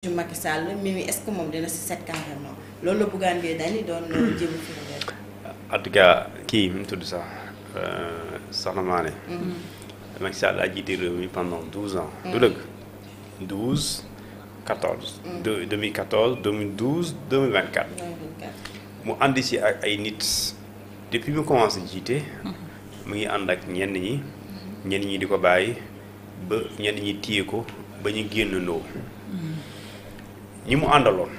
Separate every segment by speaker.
Speaker 1: ju Macky Sall loolu la Bougane Gueye Dany doon euh, hmm. jéem a firndeel. en tout kii bi tudd sax euh, soxna Mané. Hmm. Macky a jiite réew mi pendant douze ans. Hmm. du dëgg douze quatorze. deux mu àndi si ak ay nit depuis mu commencé jiite. mu ngi ànd ak ñenn ñi. ñenn ñi di ko bàyyi ba ñenn ñi téye ko ba ñu génnandoo. li mu àndaloon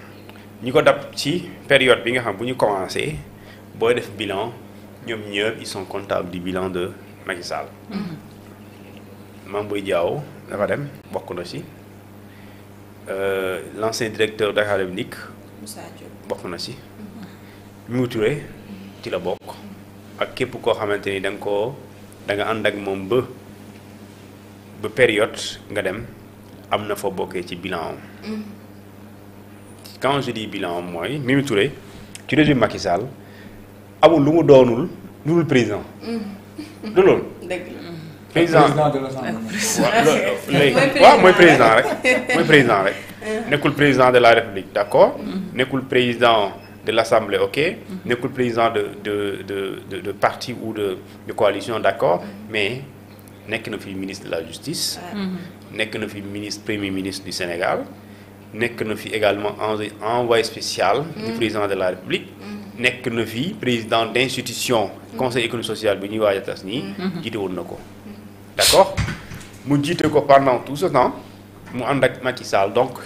Speaker 1: ñi ko dab ci période bi nga xam bu ñu commencé booy def bilan ñoom ñëpp ils sont comptables bilan de Macky Sall. Mhm. Mame Boye dafa dem bokk na ci euh, l'ancien directeur Dakar Dem Dikk bokk na ci. Mhm. Mimi ci la bokk. ak képp koo xamante ni danga nga koo da nga ànd ak moom ba ba période nga dem am na foo bokkee ci bilan am. Mhm. quand je dis bilan mooy Mimi Touré ci régime Macky Sall amul lu mu doonul lu dul président.
Speaker 2: Mm-hmm. du loolu. dëgg
Speaker 1: la président de
Speaker 2: l'Assemblée. Euh, waaw mooy président rek mooy président
Speaker 1: rek. nekkul président de la république d' accord. Mm-hmm. nekkul président de l' assemblée ok. Mm-hmm. nekkul président de de de de de parti ou de de coalition d' accord mais nekk na fi ministre de la justice. nekk na fi ministre premier ministre du Sénégal. nekk na fi également envoyé spécial du mm. président de la république mm. nekk na fi président d' institution mm. conseil économique social bi ñuy waaj a nii jiite woon na ko d' mu jiite ko pendant tout ce temps mu ànd ak Macky Sall donc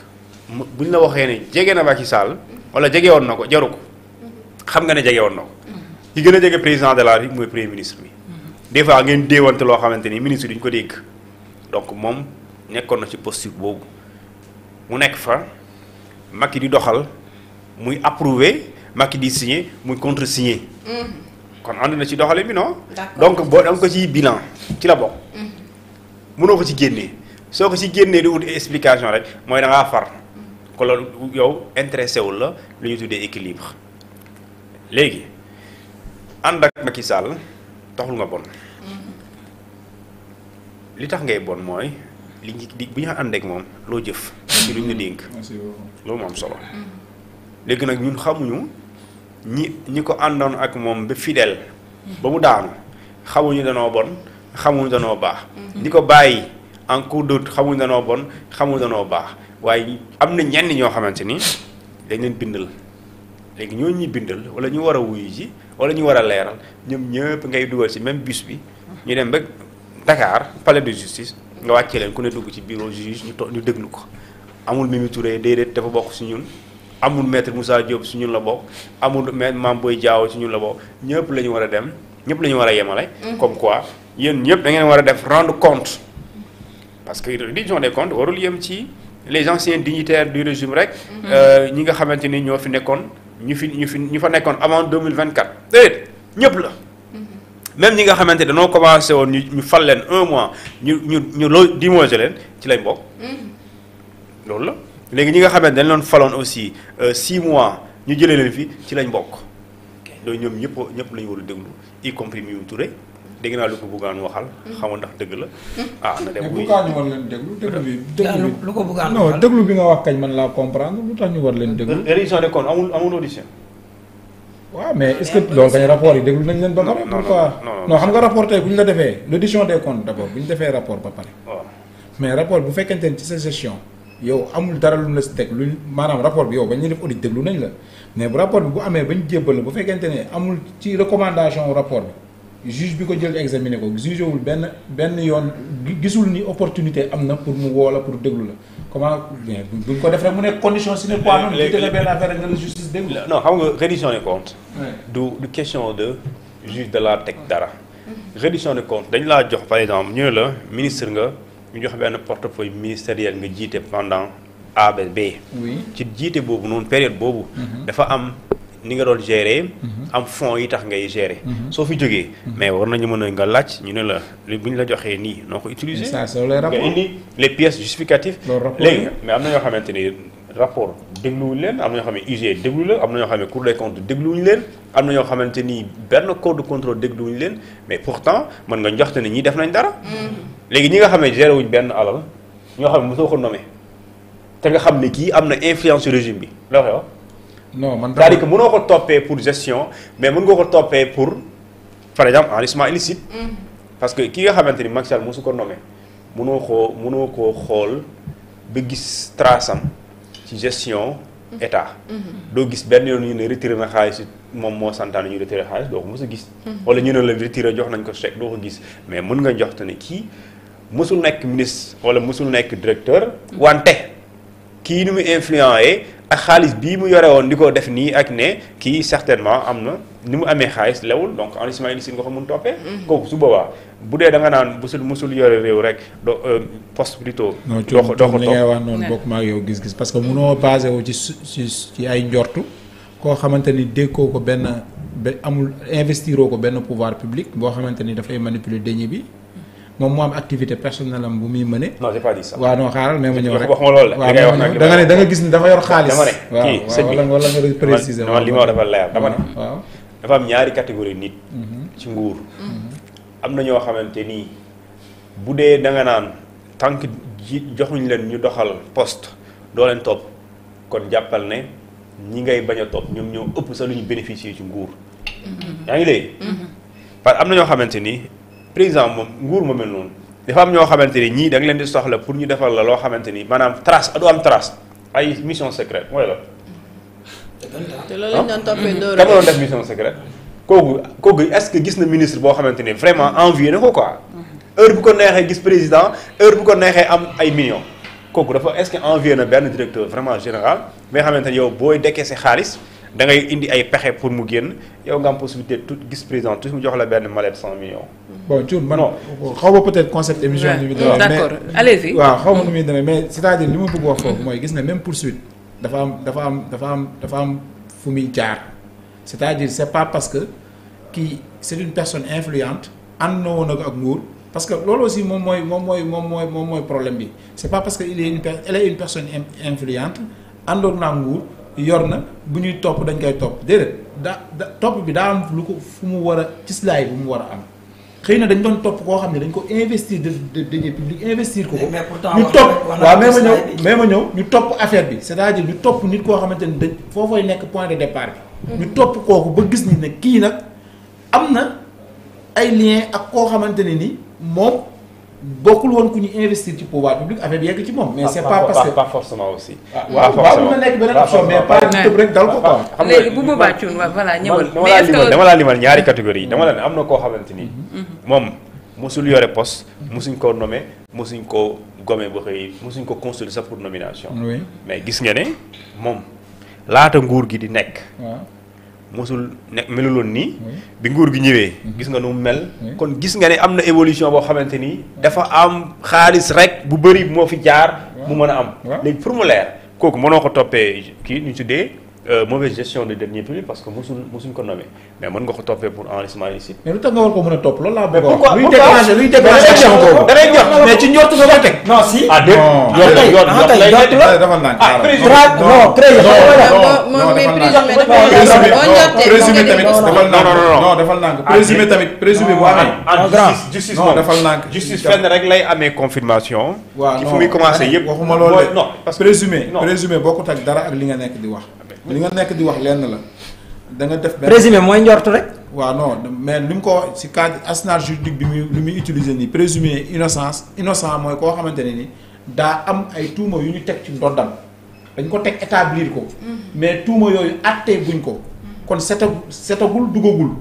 Speaker 1: bu ñu la waxee ne jege na Macky Sall wala jege woon na ko jaru ko xam nga ne jege woon na ko li gën a jege président de la République mooy premier ministre bi des fois ngeen déewante loo xamante ni ministre duñ ko dégg donc moom nekkoon na ci posture boobu mu nekk fa Macky di doxal muy approuvé Macky di signé muy contre signé. Mhm. kon ànd na ci doxale bi non. donc boo da ko ci bilan ci la bokk. Mhm. mënoo ko ci génnee soo ko ci génnee di wut explication rek mooy da ngaa far. Mhm. kolo yow intéressé wul la lu ñu tuddee équilibre léegi ànd ak Macky Sall toxul nga bon. li tax ngay bon mooy. li ñu di bu ñu ànd ak moom loo jëf. ci luñ la mm-hmm. dénk. loolu moom solo.
Speaker 2: Mm-hmm.
Speaker 1: léegi nag ñun xamuñu ñi ñi ko àndoon ak moom ba fidèle. ba mu daanu xamuñu danoo bon xamuñu danoo baax. ñi mm-hmm. ko bàyyi en cours de route xamuñu danoo bon xamuñu danoo baax waaye am na ñenn ñoo xamante ni dañ leen bindal. léegi ñoo ñuy bindal wala ñu war a wuyu ji wala ñu war a leeral ñoom ñëpp ngay dugal ci même bus bi ñu dem ba Dakar palais de justice nga wàccee leen ku ne dugg ci bureau juge ñu to ñu déglu ko amul Mimi Touré déedéet dafa bokk si ñun amul maître Moussa Diop si ñun la bokk amul maître Mame Boye Diao si ñun la bokk ñëpp la ñu war a dem ñëpp la ñu war a yemale. Mm-hmm. comme quoi yéen ñëpp da ngeen war a def rendre compte. parce que reddition des comptes warul yem ci les anciens dignitaires du régime rek. Mm-hmm. Euh, ñi nga xamante ni ñoo fi nekkoon ñu fi ñu fi ñu fa nekkoon avant mille 2024 déedéet ñëpp la. même ñi nga xamante ne dañoo commencé woon ñu ñu fal leen un mois ñu ñu ñu loo dimosé leen ci lañ bokk. Mm-hmm. loolu la léegi ñi nga xamante dañ loon faloon aussi euh, six mois ñu jëlee leen fii ci lañ bokk. loolu ñoom ñëpp ñëpp la ñu war a déglu y compris Mimi Touré dégg naa lu ko bëggoon waxal. Mm-hmm. xamoon ndax dëgg la.
Speaker 3: Mm-hmm. ah na dem bu tax ñu war leen déglu ah. déglu bi. lu ko bëggoon waxal non déglu bi nga wax kañ man laa comprendre lu tax ñu war leen déglu. Euh, révision de compte amul amul audition. waaw mais est-ce que loolu kañ rapport yi déglu nañ leen ba pare. pourquoi non xam nga rapport bu ñu la defee l'audition des comptes d'abord bu ñu defee rapport ba pare. mais rapport bu fekkente ne ci sa gestion yow amul dara lu la si teg luñ maanaam rapport bi yow ba ñu def audit déglu nañ la mais bu rapport bi bu amee ba ñu jébbal la bu fekkente ne amul ci recommandation rapport bi. juge bi ko jël examiné ko jugewul benn benn yoon gisul ni opportunité am na pour mu woo la pour déglu la comment bien buñ ko def rek mu nekk condition sine qua non léegi la benn affaire nga la justice déglu la non
Speaker 1: xam nga reddition des comptes du question de juge de la teg dara reddition des comptes dañu laa jox par exemple ñu ne la ministre nga ñu jox benn portefeuille ministériel nga jiite pendant A ba B ci jiite boobu noonu période boobu mhm. dafa am ni nga doon gérer. Mhm. am fonds yi tax ngay gérer. Mhm. soo fi jógee. Mhm. mais war nañu mën a nga laaj ñu ne la bu ñu la joxee nii noo ko utiliser. ça nga indi les pièces justificatives. léegi mais am na ñoo xamante ni rapport dégluwuñu leen am na xam ne UG déglu la am na ñoo xam ne Cour des comptes dégluwuñu leen am na ñoo xamante ni benn code de contrôle dégluwuñu leen mais pourtant mën nga jox te ne ñii def nañ dara. léegi ñi nga xam ne gérer wuñ benn alal ñoo xam ne mosoo ko nommé te nga xam ne kii am na influence régime bi loo xew
Speaker 3: non man cest à
Speaker 1: mënoo ko toppee pour gestion mais mën nga ko toppee pour par exemple enrichissement illicite. Mm. parce que ki nga xamante ni Macky Sall mosu ko nommé mënoo koo mënoo koo xool ba gis trace am ci gestion mm. état. Mm-hmm. doo gis benn yoon ñu ne retiré na xaalis moom moo santaane ñu retiré xaalis doo ko mos gis. Mm-hmm. wala ñu ne la retiré jox nañ ko chèque doo ko gis mais mën nga jox te ne kii mësul nekk ministre wala mësul nekk directeur. Mm. wante kii ni muy influencé. xaalis bii mu yore woon di ko def nii ak ne kii certainement am na ni mu amee xaalis lewul donc enrichissement illicite nga ko mun toppee. Mm-hmm. kooku su boobaa bu dee da nga naan bu sul yore réew rek do euh, poste plutôt. doo ko doo ko li ngay wax noonu bokk
Speaker 3: ma ak yow gis-gis parce que munoo basé wu ci ci ci ay njortu koo xamante ni déggoo ko benn ba amul investiroo ko benn pouvoir publique boo xamante ni dafay manipuler deniers bi. moom moo am activité personnelle am bu muy mëne. non j'ai xaaral mais ma ñëw rek wax ma loolu la. li ngay wax nag da nga ne da nga gis ni dafa yor xaalis. dama ne kii sëñ bi waaw wala nga préciser. man li ma wax dafa
Speaker 1: dafa am ñaari catégorie nit. Mhm. ci
Speaker 2: mhm.
Speaker 1: na ñoo xamante ni bu dee da nga naan tant que joxuñ leen ñu doxal poste doo leen topp kon jàppal ne ñi ngay bañ a topp ëpp sa lu ñu bénéficier ci nguur. Mhm. na ñoo xamante ni. président moom nguur moo mel noonu dafa am ñoo xamante ni ñii da leen di soxla pour ñu defal la loo xamante ni maanaam trace du am trace ay mission secrète mooy la.
Speaker 2: te loolu lañ doon toppee hmm? dóor def
Speaker 1: mission secrète kooku kooku est-ce que gis na ministre boo xamante ni vraiment envié na ko quoi. Hmm. heure bu ko neexee gis président heure bu ko neexee am ay millions kooku dafa est-ce que envié na benn directeur vraiment général mais xamante ni yow booy dekkee si xaalis. da ngay indi ay pexe pour mu génn yow nga am possibilité tout gis président tout mu jox la benn mallette 100 millions.
Speaker 3: bon Thioune man xaw ma peut-être concept émission bi. xaw ma nu muy demee mais c'est-à-dire li ma bëgg dafa am dafa am dafa am dafa am fu muy jaar c'est-à-dire c'est pas parce que kii c'est une personne influente ànd na woon ak nguur. parce que loolu aussi moom mooy moom mooy moom mooy moom mooy problème bi c'est que il est une per elle est une personne nguur yor na bu ñuy topp dañ koy topp déedéet da da topp bi daa am lu ko fu mu war a cislaay bu mu war a am xëy na dañ doon topp koo xam ne dañ ko investir de de deniers investir ko ko ñu topp waaw mais ma ñëw mais ma ñëw ñu topp affaire bi c'est-à-dire ñu topp nit koo xamante ne dañ foofooy nekk point de départ bi mm-hmm. ñu topp kooku ba gis ni ne kii nag am na ay lien ak koo xamante ne ni moom bokkul woon ku ñu investir ci pouvoir public affaire bi yegg ci moom. mais c'est pas parce
Speaker 1: pas forcément aussi. Ah, waaw forcément waaw mais xam
Speaker 3: nga léegi bu boobaa cuun waaw ñëwal. dama laa
Speaker 1: limal ñaari catégorie dama la ne am na koo xamante ni. Mhm. moom mosul yore poste. mosuñ koo nommé mosuñ koo gommé ba xëy mosuñ ko consulter sax pour nomination. mais gis nga ne moom laata nguur gi di nekk. mosul nekk meluloon nii. bi nguur gi ñëwee. gis nga nu mu mel. kon gis nga ne am na évolution boo xamante ni. dafa am xaalis rek bu bëri moo fi jaar. mu mën a am. léegi pour mu leer kooku mënoo ko toppee kii ñu tuddee. mauvaise gestion des deniers publics parce que mosul mosuñ ko nommé mais mën nga ko toppee pour enrichissement illicite.
Speaker 3: mais lu tax nga war ko mën a topp loolu laa bëgg a wax. luy déclenché luy déclenché action si ah déet. yor la yor la dafa naan ah non amee. en grand
Speaker 1: justice non dafal nànk justice fenn rek lay amee confirmation.
Speaker 3: dara ak li nga nekk di wax li nga nekk di wax lenn la. da nga def benn présumé mooy njort rek. waa no mais ni mu ko si cadre arsenal juridique bi muy li muy utiliser nii présumé innocence innocent mooy koo xamante ne ni daa am ay tuuma yu ñu teg ci ndoddam dañ ko teg établir ko. Mm-hmm. mais tuuma yooyu àttee guñ ko. Mm-hmm. kon seta setagul duggagul.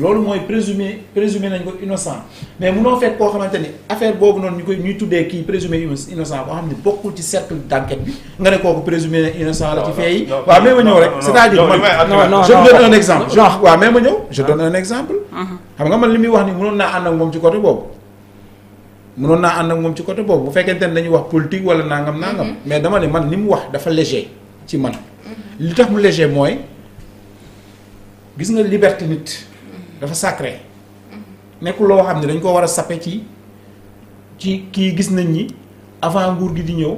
Speaker 3: loolu mooy présumé présumé nañ ko innocent mais munoo fekk koo xamante ni affaire boobu noonu ñu koy ñuy tuddee kii présumé innocent koo xam ne bokkul ci cercle d'enquête bi nga ne kooku présumé innocent la ci fee yi mais ma ñëw rek c'est-à-dire man je donne un exemple genre waaw mais ma ñëw je ah. donne un exemple uh-huh. xam nga man li muy wax ni mënoon naa ànd ak moom ci côté boobu mënoon naa ànd ak moom ci côté boobu bu fekkente ne dañuy wax politique wala nangam nangam uh-huh. mais dama ne man li mu wax dafa léger ci man
Speaker 2: uh-huh.
Speaker 3: li tax mu léger mooy gis nga liberté dafa sacré nekkul loo xam ne dañ ko war a sape ci ci kii gis nañ ni avant nguur gi di ñëw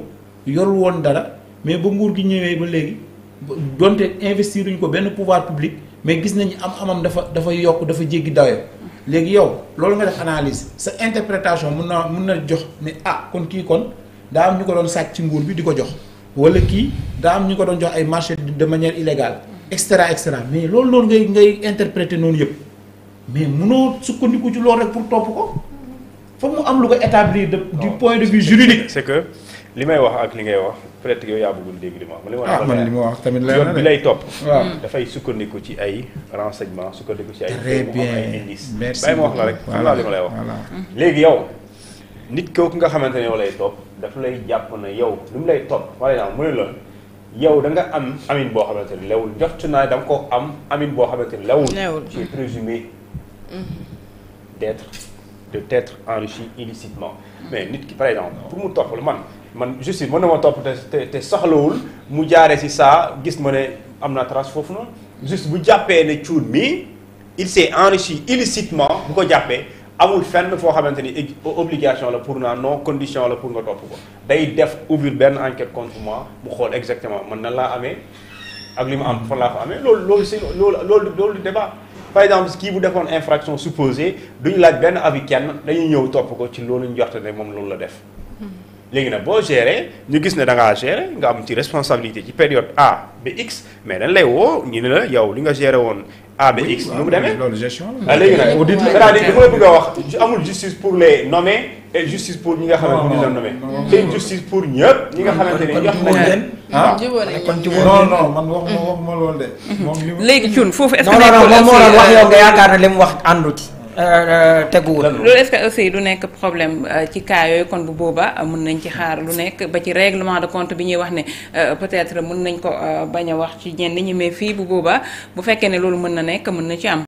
Speaker 3: yorul woon dara mais ba nguur gi ñëwee ba léegi donte investir uñ ko benn pouvoir public mais gis nañu am amam dafa dafa yokk dafa jéggi dayo léegi yow loolu nga def analyse sa interprétation mun naa mun na jox ne ah kon kii kon daa am ñu ko doon sàcc ci nguur bi di ko jox wala kii daa am ñu ko doon jox ay marché de manière illégale et cetera et cetera loolu noonu ngay ngay interpréter noonu yëpp mais munoo sukkandiku ci loolu rek pour topp ko foog mu am lu ko établir
Speaker 2: de du
Speaker 1: point de vue juridique. c'est que li may wax ak li ngay wax peut yooyu yow yaa bëggul dégg li ma wax. Ah, man li ma wax tamit la yoon bi lay topp. waaw mm. dafay ci ay renseignements sukkandiku ci ay. très bien ay indices. merci bàyyi ma wax la ma lay wax. Mm. léegi yow nit kooku nga xamante ne yow lay topp daf lay jàpp na yow lu mu lay topp par exemple mu ne la. yow da nga am amin boo xamante ne lewul jot naa da ko am amin boo xamante ne lewul. lewul ci présumé.
Speaker 2: Mm-hmm.
Speaker 1: d'être de t'être enrichi illicitement mm-hmm. mais nit ki par exemple pour mu topp man man juste mën na ma topp te te soxlawul mu jaare ci saa gis ma ne am na tras foofu noonu juste bu jàppee ne cuun mi il s'est enrichie illicitement bu ko jàppee amul fenn foo xamante ni obligation la pour naa non condition la pour nga topp ko day def ouvrir benn enquête contre moi mu xool exactement man na laa amee ak li ma am fan laa ko amee loolu loolu si par exemple kii bu defoon infraction supposée duñu laaj benn avis kenn dañuy ñëw topp ko ci loolu ñu jorte ne moom loolu la def hmm. léegi na boo géré ñu gis ne da ngaa nga am ci responsabilité ci période A ba X mais dañ lay woo ñu ne la yow li nga géré woon A ba X. nu mu demee ah, léegi nag audit la c'est-à-dire li a wax amul justice pour le nommer et justice pour ñi nga xamante ni ñu doon nommé. justice pour ñëpp ñi nga xamante ne jox nañ leen. ah kon ci non non man
Speaker 3: wax ma wax ma loolu de. Mhm. moom li léegi foofu est-ce que. non non moom moo ne li mu Euh, euh, teguwul. loolu est-ce que aussi du nekk problème euh,
Speaker 1: ci cas yooyu kon bu booba mun nañ ci xaar lu nekk ba ci réglement de compte bi ñuy wax ne peut-être
Speaker 2: mun nañ ko bañ a wax ci ñenn ñi mais fii bu booba bu fekkee ne loolu mën na nekk mën na ci am.